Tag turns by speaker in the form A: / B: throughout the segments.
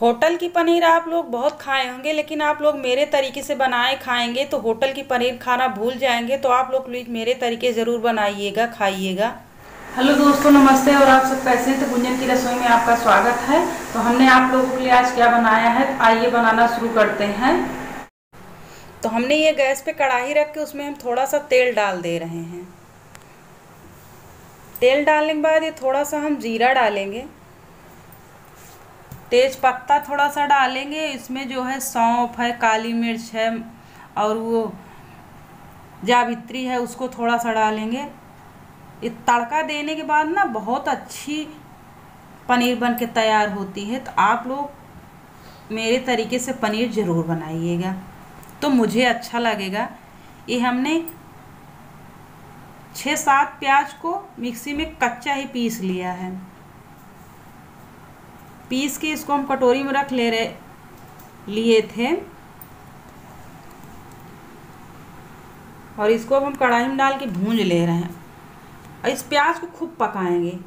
A: hotel की पनीर आप लोग बहुत खाए होंगे लेकिन आप लोग मेरे तरीके से बनाए खाएंगे तो होटल की पनीर खाना भूल जाएंगे तो आप लोग प्लीज़ मेरे तरीके ज़रूर बनाइएगा खाइएगा हेलो दोस्तों नमस्ते और आप सब कैसे हैं तो गुंजन की रसोई में आपका स्वागत है तो हमने आप लोगों के लिए आज क्या बनाया है आइए बनाना शुरू करते हैं तो हमने ये गैस पे कढ़ाई रख के उसमें हम थोड़ा सा तेल डाल दे रहे हैं तेल डालने के बाद ये थोड़ा सा हम जीरा डालेंगे तेज पत्ता थोड़ा सा डालेंगे इसमें जो है सौंफ है काली मिर्च है और वो जावित्री है उसको थोड़ा सा डालेंगे ये तड़का देने के बाद ना बहुत अच्छी पनीर बन के तैयार होती है तो आप लोग मेरे तरीके से पनीर ज़रूर बनाइएगा तो मुझे अच्छा लगेगा ये हमने छः सात प्याज को मिक्सी में कच्चा ही पीस लिया है पीस के इसको हम कटोरी में रख ले रहे लिए थे और इसको अब हम कढ़ाई में डाल के भूंज ले रहे हैं और इस प्याज को खूब पकाएंगे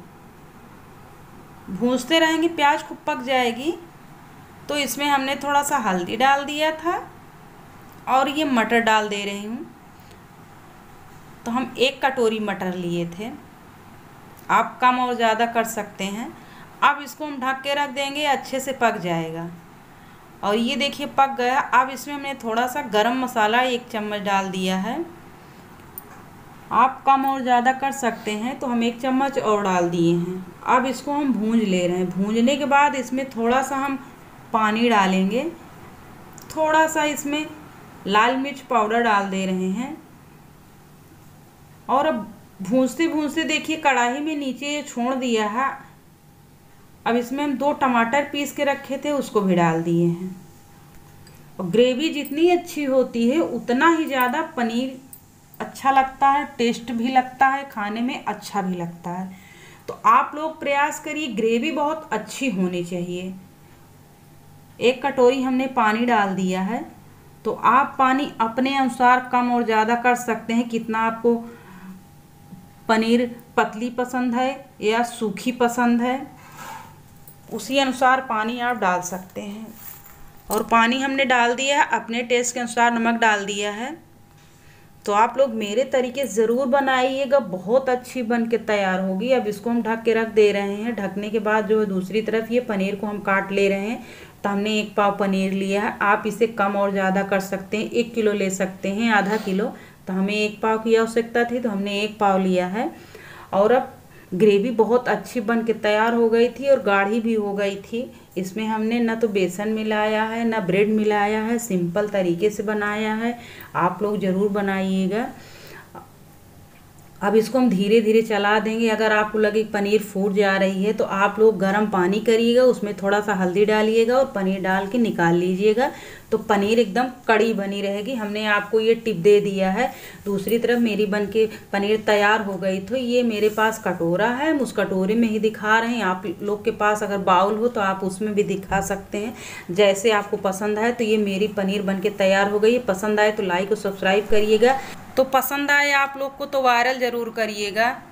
A: भूंजते रहेंगे प्याज खूब पक जाएगी तो इसमें हमने थोड़ा सा हल्दी डाल दिया था और ये मटर डाल दे रही हूँ तो हम एक कटोरी मटर लिए थे आप कम और ज़्यादा कर सकते हैं अब इसको हम ढक के रख देंगे अच्छे से पक जाएगा और ये देखिए पक गया अब इसमें हमने थोड़ा सा गरम मसाला एक चम्मच डाल दिया है आप कम और ज़्यादा कर सकते हैं तो हम एक चम्मच और डाल दिए हैं अब इसको हम भूंज ले रहे हैं भूंजने के बाद इसमें थोड़ा सा हम पानी डालेंगे थोड़ा सा इसमें लाल मिर्च पाउडर डाल दे रहे हैं और अब भूंजते भूंजते देखिए कढ़ाई में नीचे ये छोड़ दिया है अब इसमें हम दो टमाटर पीस के रखे थे उसको भी डाल दिए हैं और ग्रेवी जितनी अच्छी होती है उतना ही ज़्यादा पनीर अच्छा लगता है टेस्ट भी लगता है खाने में अच्छा भी लगता है तो आप लोग प्रयास करिए ग्रेवी बहुत अच्छी होनी चाहिए एक कटोरी हमने पानी डाल दिया है तो आप पानी अपने अनुसार कम और ज़्यादा कर सकते हैं कितना आपको पनीर पतली पसंद है या सूखी पसंद है उसी अनुसार पानी आप डाल सकते हैं और पानी हमने डाल दिया है अपने टेस्ट के अनुसार नमक डाल दिया है तो आप लोग मेरे तरीके ज़रूर बनाइएगा बहुत अच्छी बन के तैयार होगी अब इसको हम ढक के रख दे रहे हैं ढकने के बाद जो है दूसरी तरफ ये पनीर को हम काट ले रहे हैं तो हमने एक पाव पनीर लिया है आप इसे कम और ज़्यादा कर सकते हैं एक किलो ले सकते हैं आधा किलो तो हमें एक पाव की आवश्यकता थी तो हमने एक पाव लिया है और अब ग्रेवी बहुत अच्छी बन के तैयार हो गई थी और गाढ़ी भी हो गई थी इसमें हमने ना तो बेसन मिलाया है ना ब्रेड मिलाया है सिंपल तरीके से बनाया है आप लोग ज़रूर बनाइएगा अब इसको हम धीरे धीरे चला देंगे अगर आपको लगे पनीर फूट जा रही है तो आप लोग गर्म पानी करिएगा उसमें थोड़ा सा हल्दी डालिएगा और पनीर डाल के निकाल लीजिएगा तो पनीर एकदम कड़ी बनी रहेगी हमने आपको ये टिप दे दिया है दूसरी तरफ मेरी बन के पनीर तैयार हो गई तो ये मेरे पास कटोरा है हम उस कटोरे में ही दिखा रहे हैं आप लोग के पास अगर बाउल हो तो आप उसमें भी दिखा सकते हैं जैसे आपको पसंद है तो ये मेरी पनीर बन के तैयार हो गई पसंद आए तो लाइक और सब्सक्राइब करिएगा तो पसंद आए आप लोग को तो वायरल ज़रूर करिएगा